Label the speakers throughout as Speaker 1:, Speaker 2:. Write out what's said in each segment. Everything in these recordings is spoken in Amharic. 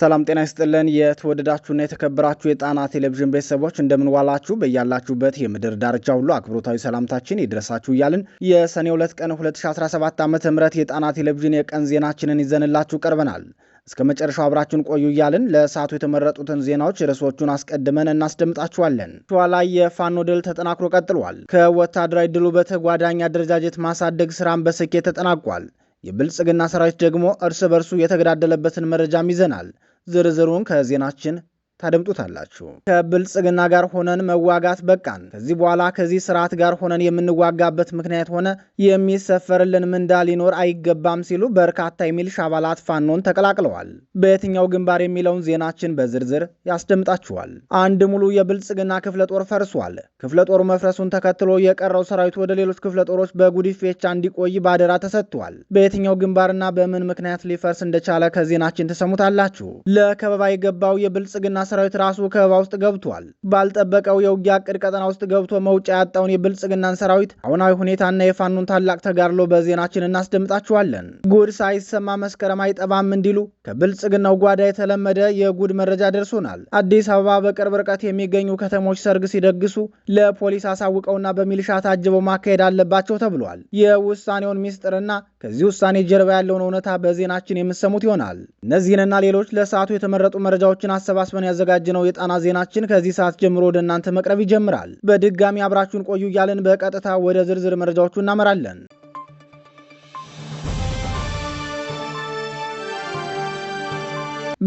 Speaker 1: ሰላም ጤና ይስጥልን። የተወደዳችሁና የተከበራችሁ የጣና ቴሌቪዥን ቤተሰቦች እንደምንዋላችሁ፣ በያላችሁበት የምድር ዳርቻ ሁሉ አክብሮታዊ ሰላምታችን ይድረሳችሁ እያልን የሰኔ ሁለት ቀን 2017 ዓ ም የጣና ቴሌቪዥን የቀን ዜናችንን ይዘንላችሁ ቀርበናል። እስከ መጨረሻው አብራችን ቆዩ እያልን ለሰዓቱ የተመረጡትን ዜናዎች ርዕሶቹን አስቀድመን እናስደምጣችኋለን። ሸዋ ላይ የፋኖ ድል ተጠናክሮ ቀጥሏል። ከወታደራዊ ድሉ በተጓዳኝ አደረጃጀት ማሳደግ ስራን በስኬት ተጠናቋል። የብልጽግና ሰራዊት ደግሞ እርስ በርሱ የተገዳደለበትን መረጃም ይዘናል። ዝርዝሩን ከዜናችን ታደምጡታላችሁ። ከብልጽግና ጋር ሆነን መዋጋት በቃን። ከዚህ በኋላ ከዚህ ስርዓት ጋር ሆነን የምንዋጋበት ምክንያት ሆነ የሚሰፈርልን ምንዳ ሊኖር አይገባም ሲሉ በርካታ የሚልሻ አባላት ፋኖን ተቀላቅለዋል። በየትኛው ግንባር የሚለውን ዜናችን በዝርዝር ያስደምጣችኋል። አንድ ሙሉ የብልጽግና ክፍለ ጦር ፈርሷል። ክፍለ ጦሩ መፍረሱን ተከትሎ የቀረው ሰራዊት ወደ ሌሎች ክፍለ ጦሮች በጉዲፌቻ እንዲቆይ ባደራ ተሰጥቷል። በየትኛው ግንባርና በምን ምክንያት ሊፈርስ እንደቻለ ከዜናችን ተሰሙታላችሁ። ለከበባ የገባው የብልጽግና ሰራዊት ራሱ ከበባ ውስጥ ገብቷል። ባልጠበቀው የውጊያ እቅድ ቀጠና ውስጥ ገብቶ መውጫ ያጣውን የብልጽግናን ሰራዊት አሁናዊ ሁኔታና የፋኖን ታላቅ ተጋድሎ በዜናችን እናስደምጣችኋለን። ጉድ ሳይሰማ መስከረም አይጠባም እንዲሉ ከብልጽግናው ጓዳ የተለመደ የጉድ መረጃ ደርሶናል። አዲስ አበባ በቅርብ ርቀት የሚገኙ ከተሞች ሰርግ ሲደግሱ ለፖሊስ አሳውቀውና በሚልሻ ታጅበው ማካሄድ አለባቸው ተብሏል። የውሳኔውን ሚስጥርና ከዚህ ውሳኔ ጀርባ ያለውን እውነታ በዜናችን የምሰሙት ይሆናል። እነዚህንና ሌሎች ለሰዓቱ የተመረጡ መረጃዎችን አሰባስበን ያዘጋጀነው የጣና ዜናችን ከዚህ ሰዓት ጀምሮ ወደ እናንተ መቅረብ ይጀምራል። በድጋሚ አብራችሁን ቆዩ እያለን በቀጥታ ወደ ዝርዝር መረጃዎቹ እናመራለን።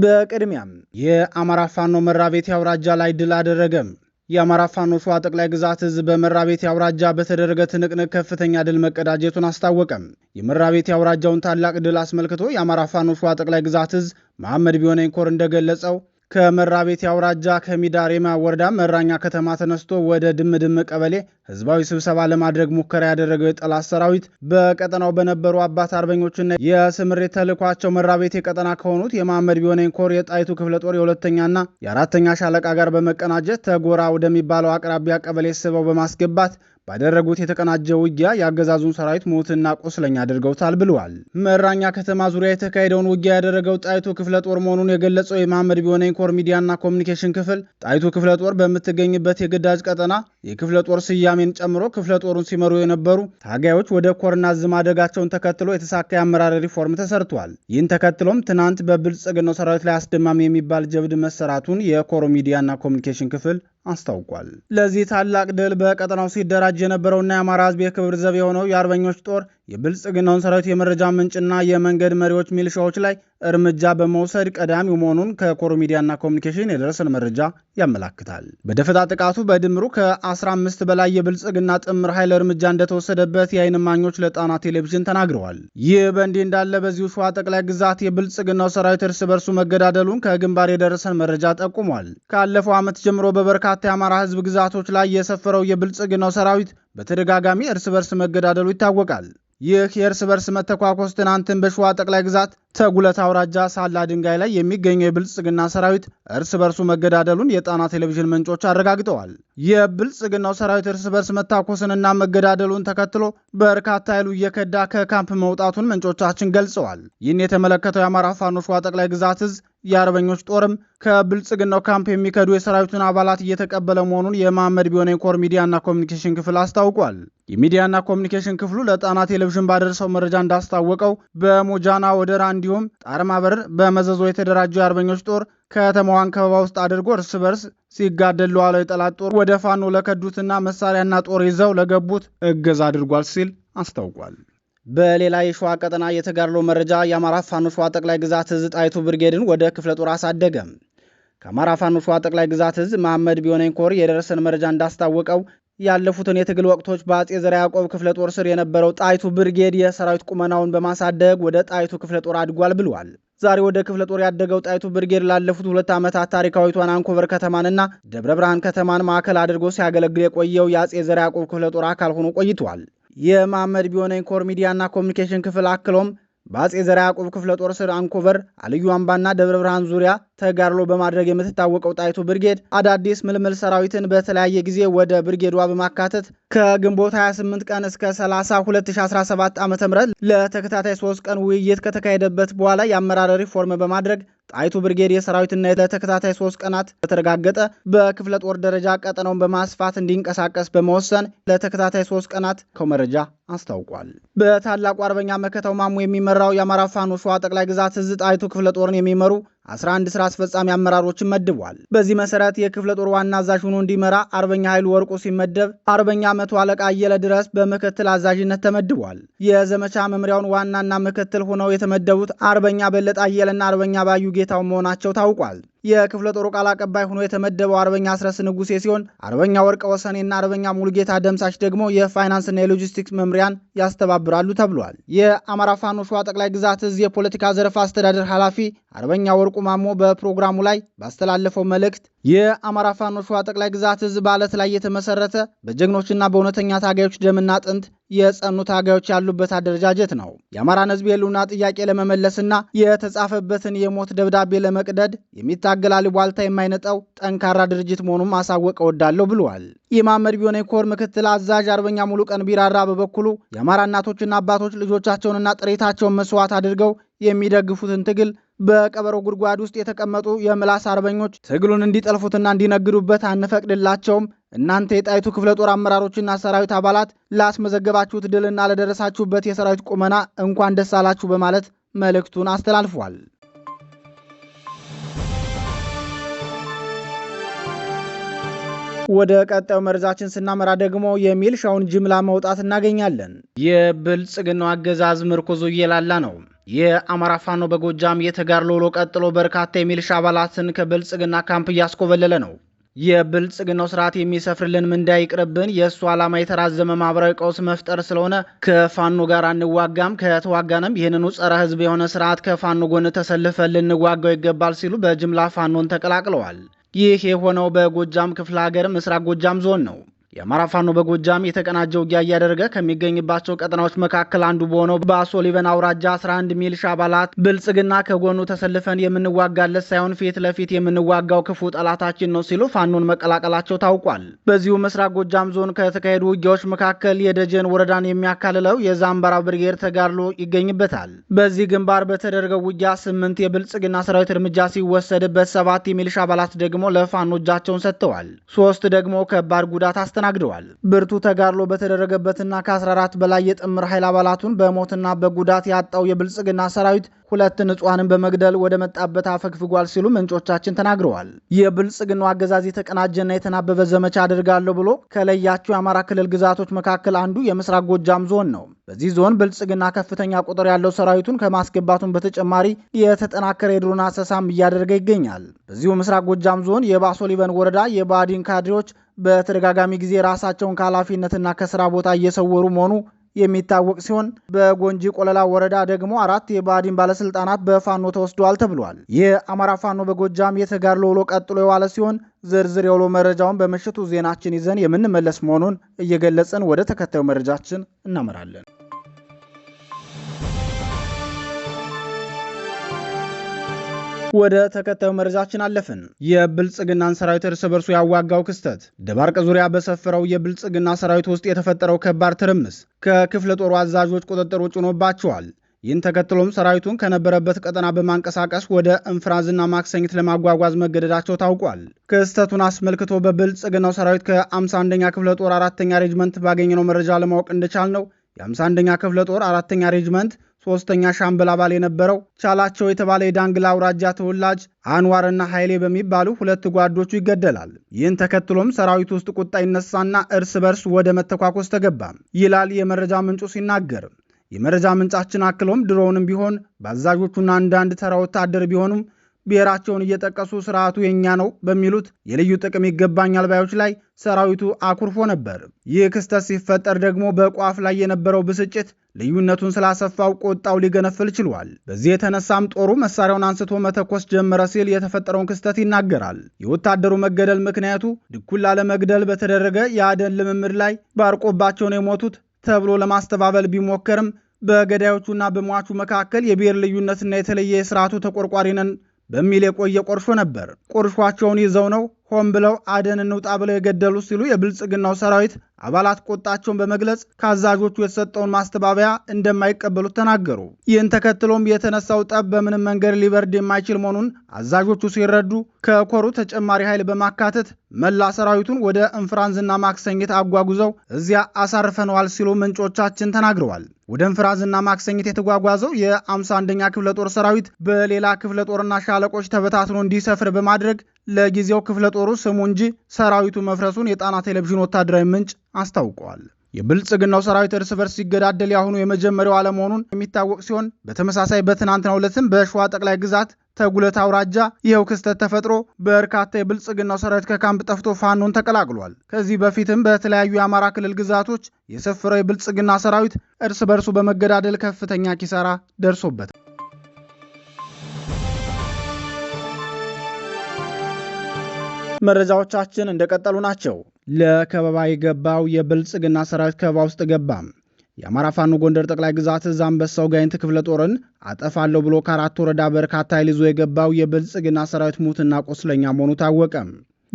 Speaker 1: በቅድሚያም የአማራ ፋኖ መራቤቴ አውራጃ ላይ ድል አደረገም። የአማራ ፋኖ ሸዋ ጠቅላይ ግዛት ህዝብ በመራቤቴ አውራጃ በተደረገ ትንቅንቅ ከፍተኛ ድል መቀዳጀቱን አስታወቀም። የመራቤቴ አውራጃውን ታላቅ ድል አስመልክቶ የአማራ ፋኖ ሸዋ ጠቅላይ ግዛት ህዝብ መሐመድ ቢሆነኝ ኮር እንደገለጸው ከመራቤቴ አውራጃ ከሚዳሬማ ወረዳ መራኛ ከተማ ተነስቶ ወደ ድምድም ቀበሌ ህዝባዊ ስብሰባ ለማድረግ ሙከራ ያደረገው የጠላት ሰራዊት በቀጠናው በነበሩ አባት አርበኞችና የስምሬት ተልኳቸው መራቤቴ ቀጠና ከሆኑት የመሐመድ ቢሆነኝ ኮር የጣይቱ ክፍለ ጦር የሁለተኛና የአራተኛ ሻለቃ ጋር በመቀናጀት ተጎራ ወደሚባለው አቅራቢያ ቀበሌ ስበው በማስገባት ባደረጉት የተቀናጀ ውጊያ የአገዛዙን ሰራዊት ሞትና ቁስለኛ አድርገውታል ብለዋል። መራኛ ከተማ ዙሪያ የተካሄደውን ውጊያ ያደረገው ጣይቱ ክፍለ ጦር መሆኑን የገለጸው የመሐመድ ቢሆነኝ ኮር ሚዲያና ኮሚኒኬሽን ክፍል ጣይቱ ክፍለ ጦር በምትገኝበት የግዳጅ ቀጠና የክፍለ ጦር ስያሜን ጨምሮ ክፍለ ጦሩን ሲመሩ የነበሩ ታጋዮች ወደ ኮርና ዝ ማደጋቸውን ተከትሎ የተሳካ የአመራር ሪፎርም ተሰርቷል። ይህን ተከትሎም ትናንት በብልጽግናው ሰራዊት ላይ አስደማሚ የሚባል ጀብድ መሰራቱን የኮር ሚዲያና ኮሚኒኬሽን ክፍል አስታውቋል። ለዚህ ታላቅ ድል በቀጠናው ሲደራጅ የነበረውና የአማራ ህዝብ የክብር ዘብ የሆነው የአርበኞች ጦር የብልጽግናውን ሰራዊት የመረጃ ምንጭና የመንገድ መሪዎች ሚልሻዎች ላይ እርምጃ በመውሰድ ቀዳሚው መሆኑን ከኮሮ ሚዲያና ኮሚኒኬሽን የደረሰን መረጃ ያመላክታል። በደፈጣ ጥቃቱ በድምሩ ከ15 በላይ የብልጽግና ጥምር ኃይል እርምጃ እንደተወሰደበት የአይን እማኞች ለጣና ቴሌቪዥን ተናግረዋል። ይህ በእንዲህ እንዳለ በዚሁ ሸዋ ጠቅላይ ግዛት የብልጽግናው ሰራዊት እርስ በርሱ መገዳደሉን ከግንባር የደረሰን መረጃ ጠቁሟል። ካለፈው ዓመት ጀምሮ በበርካታ የአማራ ህዝብ ግዛቶች ላይ የሰፈረው የብልጽግናው ሰራዊት በተደጋጋሚ እርስ በርስ መገዳደሉ ይታወቃል። ይህ የእርስ በርስ መተኳኮስ ትናንትን በሸዋ ጠቅላይ ግዛት ተጉለት አውራጃ ሳላ ድንጋይ ላይ የሚገኘው የብልጽግና ሰራዊት እርስ በርሱ መገዳደሉን የጣና ቴሌቪዥን ምንጮች አረጋግጠዋል። የብልጽግናው ሰራዊት እርስ በርስ መታኮስንና መገዳደሉን ተከትሎ በርካታ ኃይሉ እየከዳ ከካምፕ መውጣቱን ምንጮቻችን ገልጸዋል። ይህን የተመለከተው የአማራ ፋኖ ሸዋ ጠቅላይ ግዛት እዝ የአርበኞች ጦርም ከብልጽግናው ካምፕ የሚከዱ የሰራዊቱን አባላት እየተቀበለ መሆኑን የመሐመድ ቢሆነ ኮር ሚዲያና ኮሚኒኬሽን ክፍል አስታውቋል። የሚዲያና ኮሚኒኬሽን ክፍሉ ለጣና ቴሌቪዥን ባደረሰው መረጃ እንዳስታወቀው በሞጃና ወደራ እንዲሁም ጣርማበር በር በመዘዞ የተደራጀው የአርበኞች ጦር ከተማዋን ከበባ ውስጥ አድርጎ እርስ በርስ ሲጋደል ለዋለው የጠላት ጦር ወደ ፋኖ ለከዱትና መሳሪያና ጦር ይዘው ለገቡት እገዛ አድርጓል ሲል አስታውቋል። በሌላ የሸዋ ቀጠና የተጋድሎ መረጃ የአማራ ፋኖ ሸዋ ጠቅላይ ግዛት እዝ ጣይቱ ብርጌድን ወደ ክፍለ ጦር አሳደገ። ከአማራ ፋኖ ሸዋ ጠቅላይ ግዛት እዝ መሐመድ ቢሆነኝ ኮር የደረሰን መረጃ እንዳስታወቀው ያለፉትን የትግል ወቅቶች በአጼ ዘርዓ ያዕቆብ ክፍለ ጦር ስር የነበረው ጣይቱ ብርጌድ የሰራዊት ቁመናውን በማሳደግ ወደ ጣይቱ ክፍለ ጦር አድጓል ብሏል። ዛሬ ወደ ክፍለ ጦር ያደገው ጣይቱ ብርጌድ ላለፉት ሁለት ዓመታት ታሪካዊቷን አንኮበር ከተማንና ደብረ ብርሃን ከተማን ማዕከል አድርጎ ሲያገለግል የቆየው የአጼ ዘርዓ ያዕቆብ ክፍለ ጦር አካል ሆኖ ቆይቷል። የማመድ ቢሆነኝ ኮር ሚዲያና ኮሚኒኬሽን ክፍል አክሎም በአጼ ዘርዓ ያዕቆብ ክፍለ ጦር ስር አንኮበር፣ አልዩ አምባና ደብረ ብርሃን ዙሪያ ተጋድሎ በማድረግ የምትታወቀው ጣይቱ ብርጌድ አዳዲስ ምልምል ሰራዊትን በተለያየ ጊዜ ወደ ብርጌዷ በማካተት ከግንቦት 28 ቀን እስከ 30 2017 ዓ ም ለተከታታይ 3 ቀን ውይይት ከተካሄደበት በኋላ የአመራር ሪፎርም በማድረግ ጣይቱ ብርጌድ የሰራዊትና ለተከታታይ ሶስት ቀናት በተረጋገጠ በክፍለ ጦር ደረጃ ቀጠናውን በማስፋት እንዲንቀሳቀስ በመወሰን ለተከታታይ ሶስት ቀናት ከው መረጃ አስታውቋል። በታላቁ አርበኛ መከተው ማሙ የሚመራው የአማራ ፋኖ ሸዋ ጠቅላይ ግዛት እዝ ጣይቱ ክፍለ ጦርን የሚመሩ 11 ስራ አስፈጻሚ አመራሮችን መድቧል። በዚህ መሰረት የክፍለ ጦር ዋና አዛዥ ሆኖ እንዲመራ አርበኛ ኃይሉ ወርቁ ሲመደብ አርበኛ መቶ አለቃ አየለ ድረስ በምክትል አዛዥነት ተመድቧል። የዘመቻ መምሪያውን ዋናና ምክትል ሆነው የተመደቡት አርበኛ በለጠ አየለና አርበኛ ባዩ ጌታው መሆናቸው ታውቋል። የክፍለ ጦሩ ቃል አቀባይ ሆኖ የተመደበው አርበኛ አስረስ ንጉሴ ሲሆን አርበኛ ወርቀ ወሰኔና አርበኛ ሙሉጌታ ደምሳሽ ደግሞ የፋይናንስና የሎጂስቲክስ መምሪያን ያስተባብራሉ ተብሏል። የአማራ ፋኖ ሸዋ ጠቅላይ ግዛት እዝ የፖለቲካ ዘርፍ አስተዳደር ኃላፊ አርበኛ ወርቁ ማሞ በፕሮግራሙ ላይ ባስተላለፈው መልእክት የአማራ ፋኖ ሸዋ ጠቅላይ ግዛት እዝ በአለት ላይ የተመሰረተ በጀግኖችና በእውነተኛ ታጋዮች ደምና አጥንት የጸኑ ታጋዮች ያሉበት አደረጃጀት ነው። የአማራን ህዝብ የህልውና ጥያቄ ለመመለስና የተጻፈበትን የሞት ደብዳቤ ለመቅደድ የሚታገል አሉባልታ የማይነጠው ጠንካራ ድርጅት መሆኑን ማሳወቅ እወዳለሁ ብሏል። ኢማመድ ቢሆነ ኮር ምክትል አዛዥ አርበኛ ቀን ቢራራ በበኩሉ የአማራ እናቶችና አባቶች ልጆቻቸውንና ጥሬታቸውን መስዋዕት አድርገው የሚደግፉትን ትግል በቀበሮ ጉድጓድ ውስጥ የተቀመጡ የምላስ አርበኞች ትግሉን እንዲጠልፉትና እንዲነግዱበት አንፈቅድላቸውም። እናንተ የጣይቱ ክፍለ ጦር አመራሮችና ሰራዊት አባላት ላስመዘገባችሁት ድልና ለደረሳችሁበት የሰራዊት ቁመና እንኳን ደስ አላችሁ በማለት መልእክቱን አስተላልፏል። ወደ ቀጣዩ መርዛችን ስናመራ ደግሞ የሚልሻውን ጅምላ መውጣት እናገኛለን። የብልጽግናው አገዛዝ ምርኮዙ እየላላ ነው። የአማራ ፋኖ በጎጃም የተጋድሎ ውሎ ቀጥሎ በርካታ የሚልሻ አባላትን ከብልጽግና ካምፕ እያስኮበለለ ነው። የብልጽግናው ስርዓት የሚሰፍርልን ምንዳ ይቅርብን። የእሱ ዓላማ የተራዘመ ማህበራዊ ቀውስ መፍጠር ስለሆነ ከፋኖ ጋር አንዋጋም፣ ከተዋጋንም ይህንኑ ጸረ ህዝብ የሆነ ስርዓት ከፋኖ ጎን ተሰልፈን ልንዋጋው ይገባል ሲሉ በጅምላ ፋኖን ተቀላቅለዋል። ይህ የሆነው በጎጃም ክፍለ ሀገር ምስራቅ ጎጃም ዞን ነው። የአማራ ፋኖ በጎጃም የተቀናጀ ውጊያ እያደረገ ከሚገኝባቸው ቀጠናዎች መካከል አንዱ በሆነው በአሶ ሊበን አውራጃ 11 ሚሊሻ አባላት ብልጽግና ከጎኑ ተሰልፈን የምንዋጋለት ሳይሆን ፊት ለፊት የምንዋጋው ክፉ ጠላታችን ነው ሲሉ ፋኖን መቀላቀላቸው ታውቋል። በዚሁ ምስራቅ ጎጃም ዞን ከተካሄዱ ውጊያዎች መካከል የደጀን ወረዳን የሚያካልለው የዛምባራ ብርጌድ ተጋድሎ ይገኝበታል። በዚህ ግንባር በተደረገው ውጊያ ስምንት የብልጽግና ሰራዊት እርምጃ ሲወሰድበት ሰባት የሚሊሻ አባላት ደግሞ ለፋኖ እጃቸውን ሰጥተዋል። ሶስት ደግሞ ከባድ ጉዳት አስተ አስተናግደዋል። ብርቱ ተጋድሎ በተደረገበትና ከ14 በላይ የጥምር ኃይል አባላቱን በሞትና በጉዳት ያጣው የብልጽግና ሰራዊት ሁለት ንጹሐንን በመግደል ወደ መጣበት አፈግፍጓል ሲሉ ምንጮቻችን ተናግረዋል። የብልጽግናው አገዛዝ የተቀናጀና የተናበበ ዘመቻ አድርጋለሁ ብሎ ከለያቸው የአማራ ክልል ግዛቶች መካከል አንዱ የምስራቅ ጎጃም ዞን ነው። በዚህ ዞን ብልጽግና ከፍተኛ ቁጥር ያለው ሰራዊቱን ከማስገባቱን በተጨማሪ የተጠናከረ የድሮን አሰሳም እያደረገ ይገኛል። በዚሁ ምስራቅ ጎጃም ዞን የባሶ ሊበን ወረዳ የባዲን ካድሬዎች በተደጋጋሚ ጊዜ ራሳቸውን ከኃላፊነትና ከስራ ቦታ እየሰወሩ መሆኑ የሚታወቅ ሲሆን በጎንጂ ቆለላ ወረዳ ደግሞ አራት የባዲን ባለስልጣናት በፋኖ ተወስደዋል ተብሏል። የአማራ ፋኖ በጎጃም የተጋድሎ ውሎ ቀጥሎ የዋለ ሲሆን ዝርዝር የውሎ መረጃውን በምሽቱ ዜናችን ይዘን የምንመለስ መሆኑን እየገለጽን ወደ ተከታዩ መረጃችን እናመራለን። ወደ ተከታዩ መረጃችን አለፍን። የብልጽግናን ሰራዊት እርስ በርሱ ያዋጋው ክስተት ደባርቅ ዙሪያ በሰፈረው የብልጽግና ሰራዊት ውስጥ የተፈጠረው ከባድ ትርምስ ከክፍለ ጦሩ አዛዦች ቁጥጥር ውጭ ሆኖባቸዋል። ይህን ተከትሎም ሰራዊቱን ከነበረበት ቀጠና በማንቀሳቀስ ወደ እንፍራዝና ማክሰኝት ለማጓጓዝ መገደዳቸው ታውቋል። ክስተቱን አስመልክቶ በብልጽግናው ሰራዊት ከ51ኛ ክፍለ ጦር አራተኛ ሬጅመንት ባገኘነው መረጃ ለማወቅ እንደቻል ነው የ51ኛ ክፍለ ጦር አራተኛ ሬጅመንት ሶስተኛ ሻምበል አባል የነበረው ቻላቸው የተባለ የዳንግላ አውራጃ ተወላጅ አንዋርና ኃይሌ በሚባሉ ሁለት ጓዶቹ ይገደላል። ይህን ተከትሎም ሰራዊት ውስጥ ቁጣ ይነሳና እርስ በርስ ወደ መተኳኮስ ተገባ ይላል የመረጃ ምንጩ ሲናገር። የመረጃ ምንጫችን አክሎም ድሮውንም ቢሆን በአዛዦቹና አንዳንድ ተራ ወታደር ቢሆኑም ብሔራቸውን እየጠቀሱ ስርዓቱ የኛ ነው በሚሉት የልዩ ጥቅም ይገባኛል ባዮች ላይ ሰራዊቱ አኩርፎ ነበር። ይህ ክስተት ሲፈጠር ደግሞ በቋፍ ላይ የነበረው ብስጭት ልዩነቱን ስላሰፋው ቆጣው ሊገነፍል ችሏል። በዚህ የተነሳም ጦሩ መሳሪያውን አንስቶ መተኮስ ጀመረ ሲል የተፈጠረውን ክስተት ይናገራል። የወታደሩ መገደል ምክንያቱ ድኩላ ለመግደል በተደረገ የአደን ልምምድ ላይ ባርቆባቸውን የሞቱት ተብሎ ለማስተባበል ቢሞከርም በገዳዮቹና በሟቹ መካከል የብሔር ልዩነትና የተለየ የስርዓቱ ተቆርቋሪ ነን በሚል የቆየ ቁርሾ ነበር። ቁርሾቸውን ይዘው ነው ሆን ብለው አደን እንውጣ ብለው የገደሉ ሲሉ የብልጽግናው ሰራዊት አባላት ቁጣቸውን በመግለጽ ከአዛዦቹ የተሰጠውን ማስተባበያ እንደማይቀበሉት ተናገሩ። ይህን ተከትሎም የተነሳው ጠብ በምንም መንገድ ሊበርድ የማይችል መሆኑን አዛዦቹ ሲረዱ ከኮሩ ተጨማሪ ኃይል በማካተት መላ ሰራዊቱን ወደ እንፍራንዝና ማክሰኝት አጓጉዘው እዚያ አሳርፈነዋል ሲሉ ምንጮቻችን ተናግረዋል። ወደ እንፍራንዝና ማክሰኝት የተጓጓዘው የ51ኛ ክፍለ ጦር ሰራዊት በሌላ ክፍለ ጦርና ሻለቆች ተበታትኖ እንዲሰፍር በማድረግ ለጊዜው ክፍለ ጦሩ ስሙ እንጂ ሰራዊቱ መፍረሱን የጣና ቴሌቪዥን ወታደራዊ ምንጭ አስታውቋል። የብልጽግናው ሰራዊት እርስ በርስ ሲገዳደል ያሁኑ የመጀመሪያው አለመሆኑን የሚታወቅ ሲሆን በተመሳሳይ በትናንትናው ዕለትም በሸዋ ጠቅላይ ግዛት ተጉለት አውራጃ ይኸው ክስተት ተፈጥሮ በርካታ የብልጽግናው ሰራዊት ከካምፕ ጠፍቶ ፋኖን ተቀላቅሏል። ከዚህ በፊትም በተለያዩ የአማራ ክልል ግዛቶች የሰፈረው የብልጽግና ሰራዊት እርስ በርሱ በመገዳደል ከፍተኛ ኪሳራ ደርሶበታል። መረጃዎቻችን እንደቀጠሉ ናቸው። ለከበባ የገባው የብልጽግና ሰራዊት ከበባ ውስጥ ገባም። የአማራ ፋኖ ጎንደር ጠቅላይ ግዛት እዝ አንበሳው ጋይንት ክፍለ ጦርን አጠፋለሁ ብሎ ከአራት ወረዳ በርካታ ኃይል ይዞ የገባው የብልጽግና ሰራዊት ሙትና ቆስለኛ መሆኑ ታወቀም።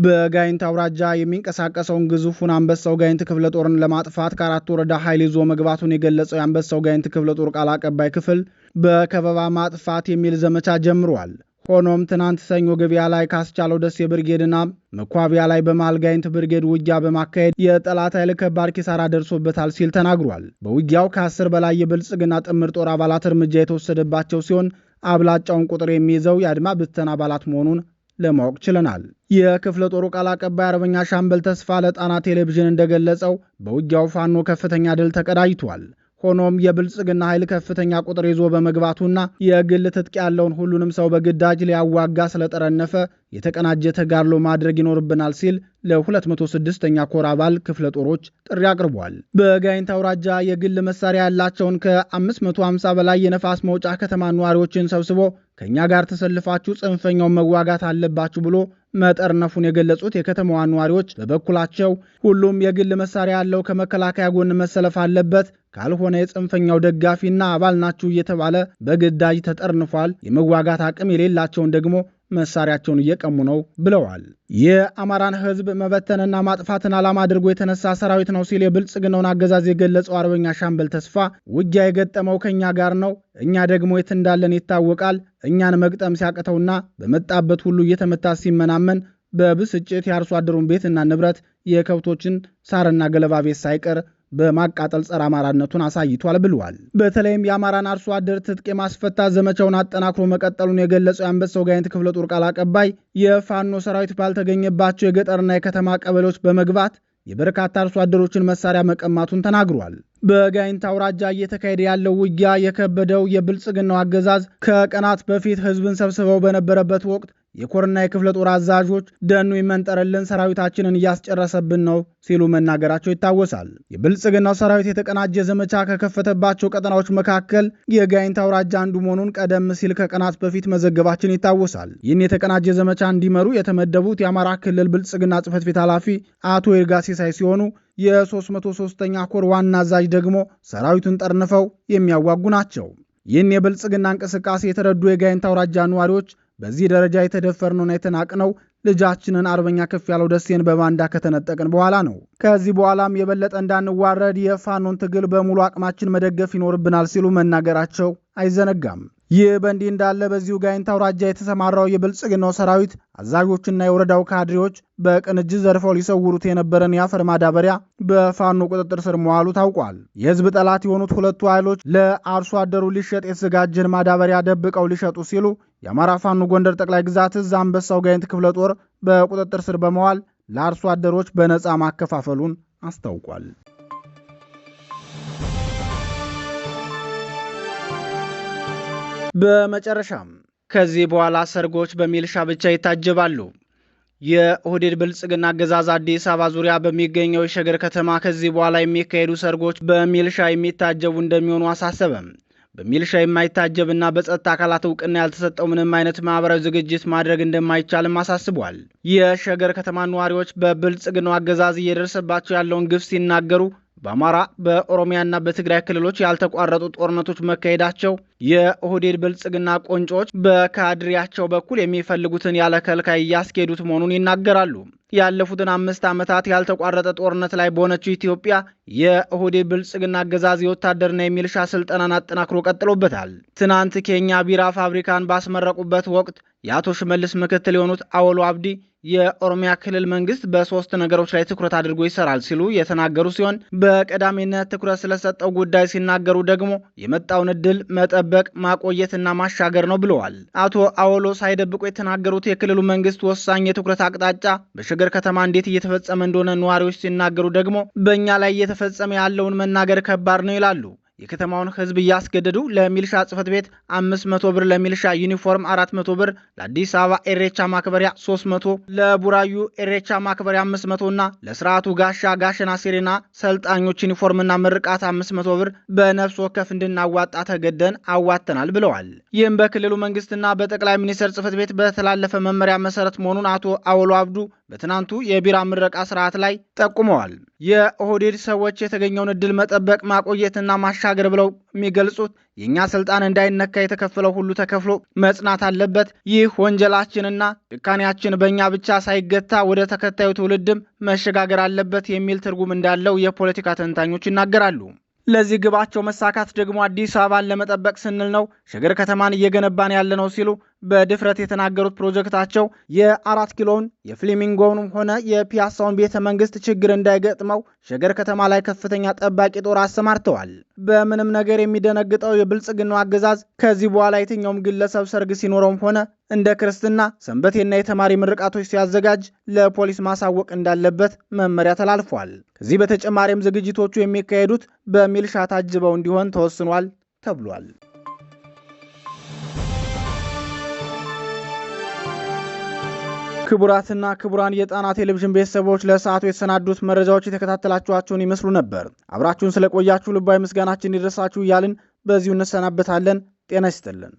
Speaker 1: በጋይንት አውራጃ የሚንቀሳቀሰውን ግዙፉን አንበሳው ጋይንት ክፍለ ጦርን ለማጥፋት ከአራት ወረዳ ኃይል ይዞ መግባቱን የገለጸው የአንበሳው ጋይንት ክፍለ ጦር ቃል አቀባይ ክፍል በከበባ ማጥፋት የሚል ዘመቻ ጀምሯል። ሆኖም ትናንት ሰኞ ገበያ ላይ ካስቻለው ደሴ ብርጌድና መኳቢያ ላይ በማልጋይንት ብርጌድ ውጊያ በማካሄድ የጠላት ኃይል ከባድ ኪሳራ ደርሶበታል ሲል ተናግሯል። በውጊያው ከአስር በላይ የብልጽግና ጥምር ጦር አባላት እርምጃ የተወሰደባቸው ሲሆን አብላጫውን ቁጥር የሚይዘው የአድማ ብተን አባላት መሆኑን ለማወቅ ችለናል። የክፍለ ጦሩ ቃል አቀባይ አርበኛ ሻምበል ተስፋ ለጣና ቴሌቪዥን እንደገለጸው በውጊያው ፋኖ ከፍተኛ ድል ተቀዳጅቷል። ሆኖም የብልጽግና ኃይል ከፍተኛ ቁጥር ይዞ በመግባቱና የግል ትጥቅ ያለውን ሁሉንም ሰው በግዳጅ ሊያዋጋ ስለጠረነፈ የተቀናጀ ተጋድሎ ማድረግ ይኖርብናል ሲል ለ206ኛ ኮር አባል ክፍለ ጦሮች ጥሪ አቅርቧል። በጋይንት አውራጃ የግል መሳሪያ ያላቸውን ከ550 በላይ የነፋስ መውጫ ከተማ ነዋሪዎችን ሰብስቦ ከእኛ ጋር ተሰልፋችሁ ጽንፈኛውን መዋጋት አለባችሁ ብሎ መጠርነፉን የገለጹት የከተማዋ ነዋሪዎች በበኩላቸው ሁሉም የግል መሳሪያ ያለው ከመከላከያ ጎን መሰለፍ አለበት፣ ካልሆነ የጽንፈኛው ደጋፊና አባል ናችሁ እየተባለ በግዳጅ ተጠርንፏል። የመዋጋት አቅም የሌላቸውን ደግሞ መሳሪያቸውን እየቀሙ ነው ብለዋል። የአማራን ህዝብ መበተንና ማጥፋትን ዓላማ አድርጎ የተነሳ ሰራዊት ነው ሲል የብልጽግናውን አገዛዝ የገለጸው አርበኛ ሻምበል ተስፋ ውጊያ የገጠመው ከእኛ ጋር ነው፣ እኛ ደግሞ የት እንዳለን ይታወቃል፣ እኛን መግጠም ሲያቅተውና በመጣበት ሁሉ እየተመታ ሲመናመን በብስጭት የአርሶ አደሩን ቤትና ንብረት የከብቶችን ሳርና ገለባ ቤት ሳይቀር በማቃጠል ጸረ አማራነቱን አሳይቷል ብለዋል። በተለይም የአማራን አርሶ አደር ትጥቅ የማስፈታት ዘመቻውን አጠናክሮ መቀጠሉን የገለጸው የአንበሳው ጋይንት ክፍለ ጦር ቃል አቀባይ የፋኖ ሰራዊት ባልተገኘባቸው የገጠርና የከተማ ቀበሌዎች በመግባት የበርካታ አርሶ አደሮችን መሳሪያ መቀማቱን ተናግሯል። በጋይንት አውራጃ እየተካሄደ ያለው ውጊያ የከበደው የብልጽግናው አገዛዝ ከቀናት በፊት ህዝብን ሰብስበው በነበረበት ወቅት የኮርና የክፍለ ጦር አዛዦች ደኑ ይመንጠርልን፣ ሰራዊታችንን እያስጨረሰብን ነው ሲሉ መናገራቸው ይታወሳል። የብልጽግናው ሰራዊት የተቀናጀ ዘመቻ ከከፈተባቸው ቀጠናዎች መካከል የጋይንት አውራጃ አንዱ መሆኑን ቀደም ሲል ከቀናት በፊት መዘገባችን ይታወሳል። ይህን የተቀናጀ ዘመቻ እንዲመሩ የተመደቡት የአማራ ክልል ብልጽግና ጽህፈት ቤት ኃላፊ አቶ ይርጋ ሲሳይ ሲሆኑ የ303ኛ ኮር ዋና አዛዥ ደግሞ ሰራዊቱን ጠርንፈው የሚያዋጉ ናቸው። ይህን የብልጽግና እንቅስቃሴ የተረዱ የጋይንት አውራጃ ነዋሪዎች በዚህ ደረጃ የተደፈርነውና የተናቅነው ልጃችንን አርበኛ ያለው ደሴን በባንዳ ከተነጠቅን በኋላ ነው። ከዚህ በኋላም የበለጠ እንዳንዋረድ የፋኖን ትግል በሙሉ አቅማችን መደገፍ ይኖርብናል ሲሉ መናገራቸው አይዘነጋም። ይህ በእንዲህ እንዳለ በዚሁ ጋይንት አውራጃ የተሰማራው የብልጽግናው ሰራዊት አዛዦችና የወረዳው ካድሬዎች በቅንጅት ዘርፈው ሊሰውሩት የነበረን የአፈር ማዳበሪያ በፋኖ ቁጥጥር ስር መዋሉ ታውቋል። የህዝብ ጠላት የሆኑት ሁለቱ ኃይሎች ለአርሶ አደሩ ሊሸጥ የተዘጋጀን ማዳበሪያ ደብቀው ሊሸጡ ሲሉ የአማራ ፋኖ ጎንደር ጠቅላይ ግዛት እዝ አንበሳው ጋይንት ክፍለ ጦር በቁጥጥር ስር በመዋል ለአርሶ አደሮች በነፃ ማከፋፈሉን አስታውቋል። በመጨረሻም ከዚህ በኋላ ሰርጎች በሚልሻ ብቻ ይታጀባሉ። የኦህዴድ ብልጽግና አገዛዝ አዲስ አበባ ዙሪያ በሚገኘው የሸገር ከተማ ከዚህ በኋላ የሚካሄዱ ሰርጎች በሚልሻ የሚታጀቡ እንደሚሆኑ አሳሰበም። በሚልሻ የማይታጀብና በጸጥታ አካላት እውቅና ያልተሰጠው ምንም አይነት ማህበራዊ ዝግጅት ማድረግ እንደማይቻልም አሳስቧል። የሸገር ከተማ ነዋሪዎች በብልጽግናው አገዛዝ እየደረሰባቸው ያለውን ግፍ ሲናገሩ በአማራ በኦሮሚያና በትግራይ ክልሎች ያልተቋረጡ ጦርነቶች መካሄዳቸው የኦህዴድ ብልጽግና ቆንጮዎች በካድሬያቸው በኩል የሚፈልጉትን ያለ ከልካይ እያስኬዱት መሆኑን ይናገራሉ። ያለፉትን አምስት ዓመታት ያልተቋረጠ ጦርነት ላይ በሆነችው ኢትዮጵያ የኦህዴድ ብልጽግና አገዛዝ የወታደርና የሚልሻ ስልጠናን አጠናክሮ ቀጥሎበታል። ትናንት ኬንያ ቢራ ፋብሪካን ባስመረቁበት ወቅት የአቶ ሽመልስ ምክትል የሆኑት አወሎ አብዲ የኦሮሚያ ክልል መንግስት በሶስት ነገሮች ላይ ትኩረት አድርጎ ይሰራል ሲሉ የተናገሩ ሲሆን በቀዳሚነት ትኩረት ስለሰጠው ጉዳይ ሲናገሩ ደግሞ የመጣውን እድል መጠበቅ መጠበቅ ማቆየትና ማሻገር ነው ብለዋል። አቶ አወሎ ሳይደብቁ የተናገሩት የክልሉ መንግስት ወሳኝ የትኩረት አቅጣጫ በሸገር ከተማ እንዴት እየተፈጸመ እንደሆነ ነዋሪዎች ሲናገሩ ደግሞ በእኛ ላይ እየተፈጸመ ያለውን መናገር ከባድ ነው ይላሉ። የከተማውን ህዝብ እያስገደዱ ለሚልሻ ጽህፈት ቤት 500 ብር፣ ለሚልሻ ዩኒፎርም 400 ብር፣ ለአዲስ አበባ ኤሬቻ ማክበሪያ 300፣ ለቡራዩ ኤሬቻ ማክበሪያ 500 እና ለስርዓቱ ጋሻ ጋሸና ሲሪና ሰልጣኞች ዩኒፎርምና ምርቃት 500 ብር በነፍስ ወከፍ እንድናዋጣ ተገደን አዋተናል ብለዋል። ይህም በክልሉ መንግስትና በጠቅላይ ሚኒስትር ጽህፈት ቤት በተላለፈ መመሪያ መሰረት መሆኑን አቶ አወሎ አብዱ በትናንቱ የቢራ ምረቃ ስርዓት ላይ ጠቁመዋል። የኦህዴድ ሰዎች የተገኘውን እድል መጠበቅ ማቆየትና ማሻገር ብለው የሚገልጹት የእኛ ስልጣን እንዳይነካ የተከፈለው ሁሉ ተከፍሎ መጽናት አለበት። ይህ ወንጀላችንና ጭካኔያችን በእኛ ብቻ ሳይገታ ወደ ተከታዩ ትውልድም መሸጋገር አለበት የሚል ትርጉም እንዳለው የፖለቲካ ተንታኞች ይናገራሉ። ለዚህ ግባቸው መሳካት ደግሞ አዲስ አበባን ለመጠበቅ ስንል ነው ሸገር ከተማን እየገነባን ያለ ነው ሲሉ በድፍረት የተናገሩት ፕሮጀክታቸው የአራት ኪሎን የፍሌሚንጎውንም ሆነ የፒያሳውን ቤተ መንግስት ችግር እንዳይገጥመው ሸገር ከተማ ላይ ከፍተኛ ጠባቂ ጦር አሰማርተዋል። በምንም ነገር የሚደነግጠው የብልጽግናው አገዛዝ ከዚህ በኋላ የትኛውም ግለሰብ ሰርግ ሲኖረውም ሆነ እንደ ክርስትና ሰንበቴና የተማሪ ምርቃቶች ሲያዘጋጅ ለፖሊስ ማሳወቅ እንዳለበት መመሪያ ተላልፏል። ከዚህ በተጨማሪም ዝግጅቶቹ የሚካሄዱት በሚልሻ ታጅበው እንዲሆን ተወስኗል ተብሏል። ክቡራትና ክቡራን የጣና ቴሌቪዥን ቤተሰቦች ለሰዓቱ የተሰናዱት መረጃዎች የተከታተላችኋቸውን ይመስሉ ነበር። አብራችሁን ስለቆያችሁ ልባዊ ምስጋናችን ይደርሳችሁ እያልን በዚሁ እንሰናበታለን። ጤና ይስጥልን።